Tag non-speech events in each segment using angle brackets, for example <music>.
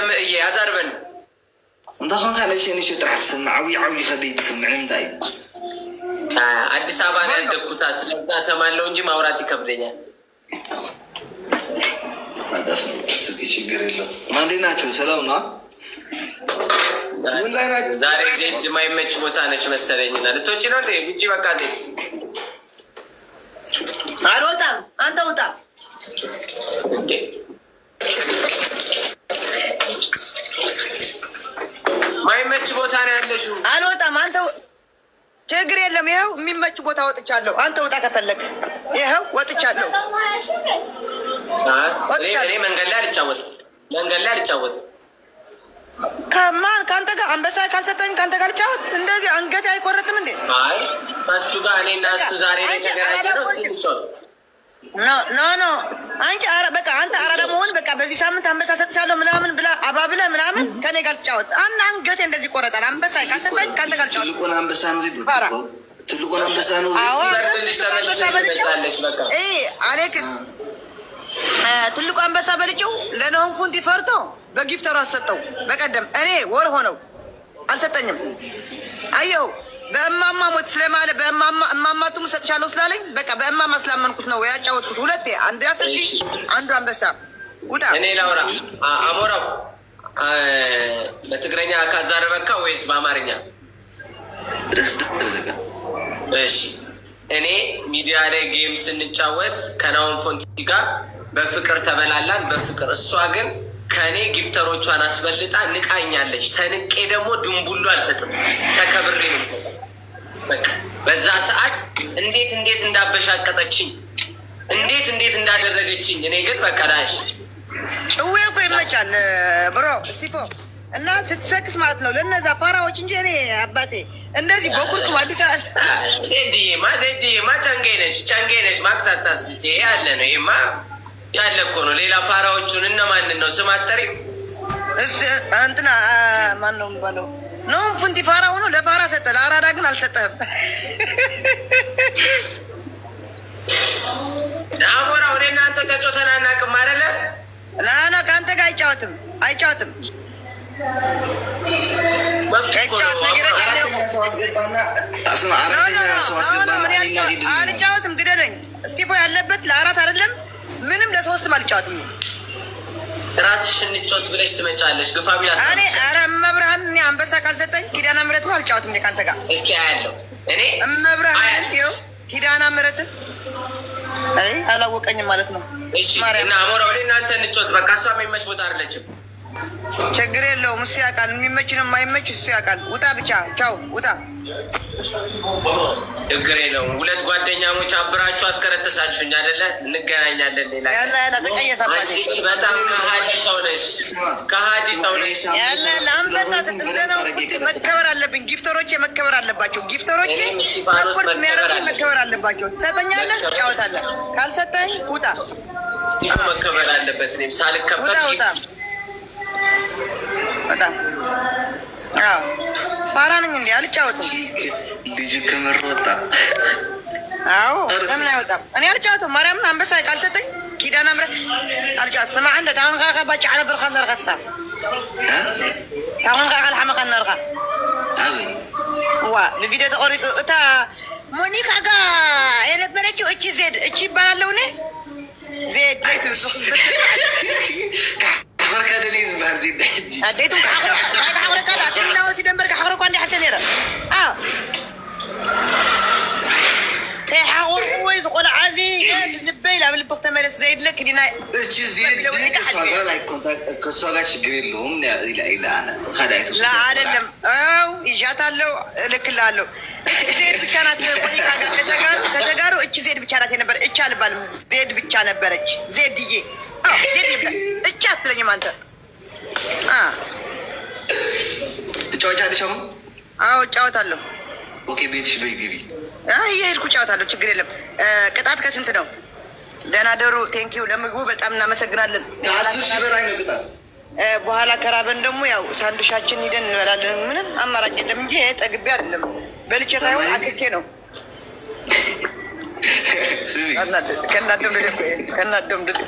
እምእየ ኣዛርበኒ እንተኾንካ ንእሽንሽ ጥራሕ ትስምዕ ዓብይ ዓብይ ከደ ትስምዕ ንምንታይ እዩ አዲስ አበባ ላይ ያደግኩታ ስለዛ ሰማለው እንጂ ማውራት ይከብደኛል። ችግር የለው። ማንዴ ሰላም ዛሬ ዜድ ማይመች ቦታ ነች መሰለኝ ነው በቃ ዜድ አልወጣም። አንተ ውጣ ማይመች ቦታ ነው ያለሽው። አልወጣም። አንተ ችግር የለም። ይኸው የሚመች ቦታ ወጥቻለሁ። አንተ ውጣ ከፈለግ። ይኸው ወጥቻለሁ። እኔ መንገድ ላይ አልጫወትም። መንገድ ላይ አልጫወትም። ከማን ከአንተ ጋር አንበሳ ካልሰጠኝ ከአንተ ጋር ልጫወት። እንደዚህ አንገት አይቆረጥም እንዴ? አይ ከሱ ጋር እኔ እና እሱ ዛሬ ኖ ኖ ኖ፣ አንቺ በቃ አንተ አራዳ መሆን በቃ በዚህ ሳምንት አንበሳ ሰጥቻለሁ ምናምን አባብለ ምናምን ከኔ ጋር ልጫወት አን አንገቴ እንደዚህ ቆረጣል። አንበሳ ካልሰጠኝ ካንተ ጋር ልጫወት። ትልቁን አንበሳ ነው ትልቁን አንበሳ ነው። አሌክስ ትልቁ አንበሳ በልጭው ለነሆን ፉንቲ ፈርቶ በጊፍተሩ አሰጠው በቀደም እኔ ወር ሆነው አልሰጠኝም። አየሁ በእማማ ሞት ስለማለ በእማማ እማማ ቱም ሰጥሻለሁ ስላለኝ በቃ በእማማ ስላመንኩት ነው ያጫወትኩት። ሁለቴ አንድ አስር ሺህ አንዱ አንበሳ ውጣ እኔ ላውራ አሞራው በትግረኛ ካዛ ረበካ ወይስ በአማርኛ? እሺ እኔ ሚዲያ ላይ ጌም ስንጫወት ከናውን ፎንቲ ጋር በፍቅር ተበላላን፣ በፍቅር እሷ ግን ከእኔ ጊፍተሮቿን አስበልጣ ንቃኛለች። ተንቄ ደግሞ ድንቡሉ አልሰጥም፣ ተከብሬ ነው በዛ ሰዓት እንዴት እንዴት እንዳበሻቀጠችኝ፣ እንዴት እንዴት እንዳደረገችኝ እኔ ግን በቃ ጭዌ እኮ ይመቻል ብሮ እስጢፎ እና ስትሰክስ ማለት ነው ለነዛ ፋራዎች እንጂ እኔ አባቴ እንደዚህ በኩርክ አዲስ ዜድዬማ ዜድዬማ ጨንጌ ነች ጨንጌ ነች ማክሳታስ ልጄ ያለ ነው ይማ ያለ እኮ ነው። ሌላ ፋራዎቹን እነማንን ነው ስም አጠሪ እንትና ማን ነው የሚባለው? ነውም ፉንቲ ፋራ ሆኖ ለፋራ ሰጠ፣ ለአራዳ ግን አልሰጠህም። አሞራ ወደ እናንተ ተጮተና እናቅም አይደለ ና ከአንተ ጋር አይጫወትም አይጫወትም። አልጫወትም ግደለኝ። እስጢፎ ያለበት ለአራት አይደለም ምንም ለሶስትም አልጫወትም። ራስሽ እንጫወት ብለሽ ትመጫለሽ። ግፋ ቢላ እኔ ኧረ መብርሃን እኔ አንበሳ ካልሰጠኝ ኪዳነ ነው አልጫወትም ከአንተ ጋር እስኪ አያለሁ። እኔ መብርሃን ኪዳነ ምሕረትን አይ አላወቀኝም ማለት ነው። እሺ እና አሞራው እናንተ እንጮት በቃ እሷ የሚመች ቦታ አይደለችም። ችግር የለውም። እሱ ያውቃል የሚመችን የማይመች እሱ ያውቃል። ውጣ ብቻ ቻው፣ ውጣ ችግር የለውም። ሁለት ጓደኛሞች አብራችሁ አስከረተሳችሁኝ አይደለ? እንገናኛለን። ሌላ በጣም ከሀዲ ሰው ነሽ፣ ከሀዲ ሰው ነሽ። መከበር አለብኝ። ጊፍተሮቼ መከበር አለባቸው። ጊፍተሮቼ ሰፖርት የሚያደርጉ መከበር አለባቸው። ሰበኛለ ጫወታለ ካልሰጠኝ ውጣ። ስቲፎ መከበር አለበት። ሳልከበር ውጣ። ውጣ። በጣም ፋራ ነኝ እንዴ? አልጫወትም። ልጅ ከምር ወጣ። አዎ ለምን አይወጣም? እኔ አልጫወትም። ማርያምን አንበሳ ካልሰጠኝ ኪዳነ ምሕረት አልጫወትም። ስማ እንደ ታሁን ካ ባጭ ዓለ ብርኻ ነርኻ ስኻ ታሁን ካ ልሓመኻ ነርኻ ዋ ብቪዲዮ ተቆሪፁ እታ ሞኒካ ጋ የነበረችው እቺ ዜድ እቺ ይባላለሁ እኔ ዜድ <laughs> አዴቱ ሴኔራ ሓቁር ወይ ዝኮነ ዓዚ ልበይ ናብ ልብ ክተመለስ ዘየድለ ክዲና እቺ ችግር የለውም ይዣት ዜድ ብቻ ናት እቺ ዜድ ብቻ ናት የነበረ እቻ አልባልም ዜድ ብቻ ነበረች ዜድዬ ዜድ አትለኝም አንተ ትጫወቻለሽ አሁን አዎ እጫወታለሁ። ኦኬ ቤትሽ በይ ግቢ። እየሄድኩ እጫወታለሁ። ችግር የለም። ቅጣት ከስንት ነው? ደህና ደሩ። ቴንኪው። ለምግቡ በጣም እናመሰግናለን። ከአስር ሺህ በላይ ነው ቅጣት። በኋላ ከራበን ደግሞ ያው ሳንዱሻችን ሂደን እንበላለን። ምንም አማራጭ የለም እንጂ ጠግቤ አይደለም በልቼ ሳይሆን አክኬ ነው። <laughs> ከናደም ድል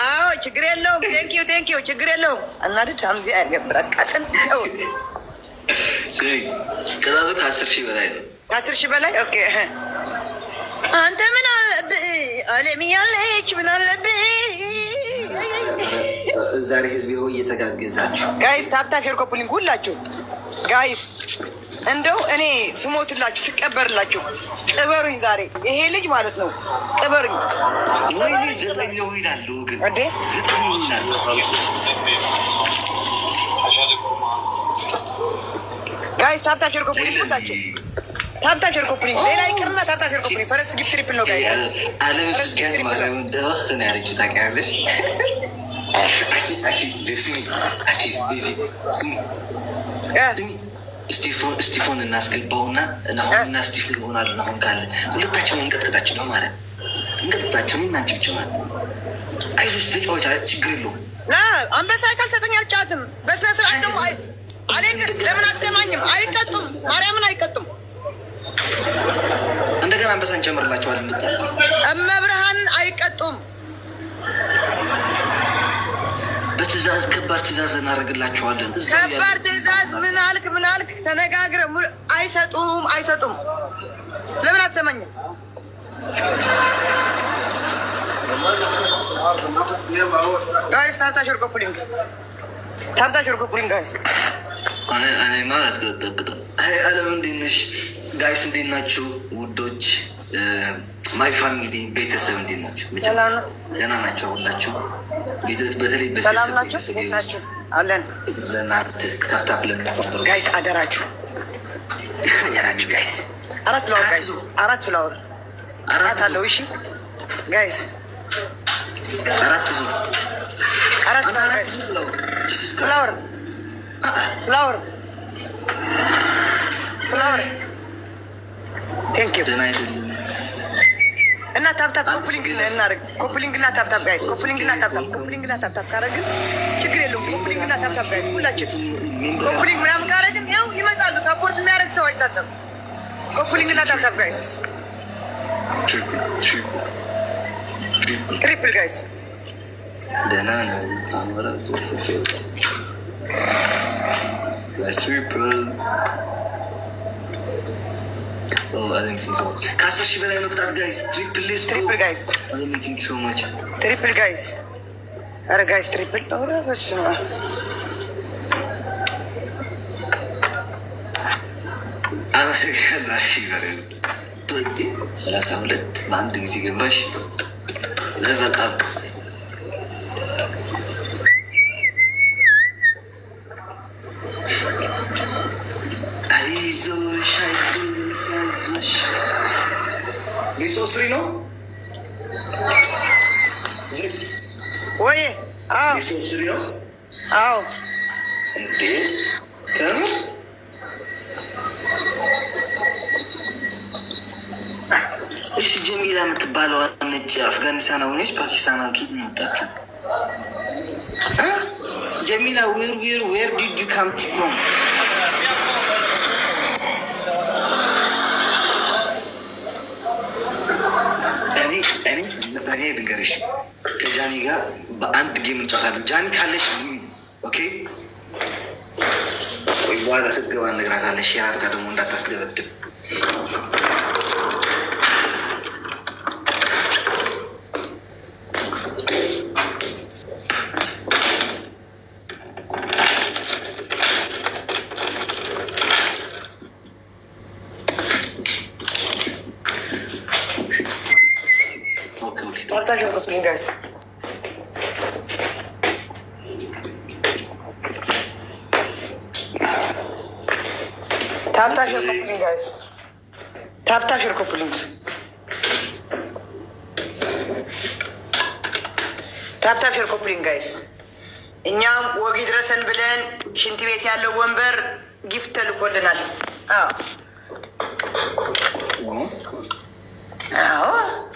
አዎ፣ ችግር የለውም። ቴንኪው ቴንኪው። ችግር የለውም። እናድድ ሀምዚ ያገብራቃጥን ቅጣቱ ከአስር ሺህ በላይ ነው። ከአስር ሺህ በላይ ኦኬ። አንተ ምን አለሚያ ለች ምን አለብህ? ዛሬ ህዝብ ሆ እየተጋገዛችሁ ጋይስ ታብታ ፌርኮፕሊንግ ሁላችሁ ጋይስ እንደው እኔ ስሞትላችሁ ስቀበርላችሁ ቅበሩኝ። ዛሬ ይሄ ልጅ ማለት ነው ቅበሩኝ። ዘጠኛው ጋይስ ታብታ ሼር ኮፒ ሁላችሁ ታብታ ሼር ኮፒ ሌላ ይቅርና ታብታ ሼር ፈረስ ጊፍት ትሪፕል ነው ጋይስ አለምሽ ጋር ማለም ደስ ነው ያለች ታውቂያለሽ ስቲፎን እናስገባውና ናሁንና ስቲፎን ይሆናሉ። ናሁን ካለ ሁለታቸውን እንቀጥቅጣቸው ነው ማለት እንቀጥቅጣቸውን እናንቺ ብቻ አይዞሽ ተጫዋች ችግር የለውም። አንበሳ ካልሰጠኝ አልጫትም በስነ ስርዓት ደግሞ አሌክስ ለምን አትሰማኝም? አይቀጡም፣ ማርያምን አይቀጡም። እንደገና አንበሳን ጨምርላቸዋል። እመብርሃን አይቀጡም። በትእዛዝ ከባድ ትእዛዝ እናደርግላቸዋለን። ከባድ ትእዛዝ ምን አልክ? ምን አልክ? ተነጋግረ አይሰጡም፣ አይሰጡም። ለምን አትሰማኝም? ጋይስ ታታ ሸርቆ ፑሊንግ ታብታችሁ እርጉቁኝ ጋይስ። እኔማ አላስገጠግጥም። አለም እንዴት ነሽ ጋይስ? እንዴት ናችሁ ውዶች? ማይ ፋሚሊ ቤተሰብ እንዴት ናችሁ? ደህና ናቸው ሁላችሁ? በተለይ ጋይስ አደራችሁ አደራችሁ ጋይስ አራት ፍላወር ጋይስ አራት ፍላወር አራት አለው። እሺ ጋይስ ፍላወር ፍላወር ፍላወር ቴንኪው እና ታብታብ ኮፕሊንግ እናደርግ። ኮፕሊንግ እና ታብታብ ጋይስ፣ ኮፕሊንግ እና ታብታብ፣ ኮፕሊንግ እና ታብታብ ካረግን ችግር የለውም። ኮፕሊንግ እና ታብታብ ጋይስ፣ ሁላችን ኮፕሊንግ ምናምን ካረግን ያው ይመጣሉ። ሳፖርት የሚያደርግ ሰው አይታጠም። ኮፕሊንግ እና ታብታብ ጋይስ፣ ትሪፕል ጋይስ ደህና ነን። አማራ oh, ከአስር ሺህ በላይ ነው ቅጣት። ጋይስ ትሪፕል ጋይስ ትሪፕል ጋይስ ኧረ ጋይስ ትሪፕል ሰላሳ ሁለት በአንድ ጊዜ ገባሽ። ቢሶ ነው ወይ? ቢሶ ስሪ ነው። አዎ እንዴ ተምር እሺ ጀሚላ የምትባለው ነች። አፍጋኒስታን ሆነች ፓኪስታን ኬት ነው የመጣችው? ጀሚላ ዌር ዌር ዌር ዲድ ዩ ካም ፍሮም እኔ ልንገርሽ ከጃኒ ጋር በአንድ ጌም እንጫወታለን። ጃኒ ካለሽ ኦኬ ወይ በኋላ ስትገባ እነግራታለሽ። የራድጋ ደግሞ እንዳታስደበድብ leader. Tap tap your coupling, guys. Tap tap your coupling. ጋይስ እኛም ወግ ይድረሰን ብለን ሽንት ቤት ያለው ወንበር ጊፍት ተልኮልናል።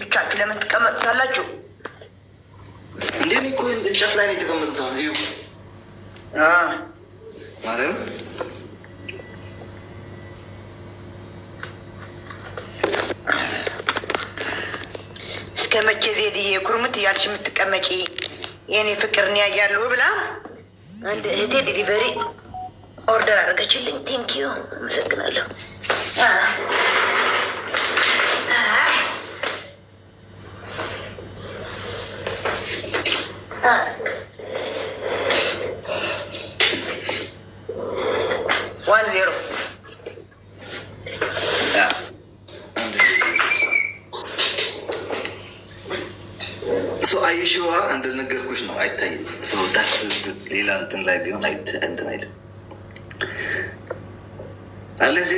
ብቻችሁ ለምን ትቀመጡታላችሁ? እንዴ እኮ እንጨት ላይ ነው የተቀመጡት። አሁን ይሁ እስከ መቼ ዜድዬ ኩርምት እያልሽ የምትቀመጪ የኔ ፍቅር ኒያ ያያለሁ ብላ አንድ እህቴ ዲሊቨሪ ኦርደር አድርገችልኝ። ቴንኪዩ አመሰግናለሁ። ዋን ዜሮ አይሽዋ እንደነገርኩሽ ነው። አይታይም ዳስ ሌላ እንትን ላይ ቢሆን እንትን አይልም አለ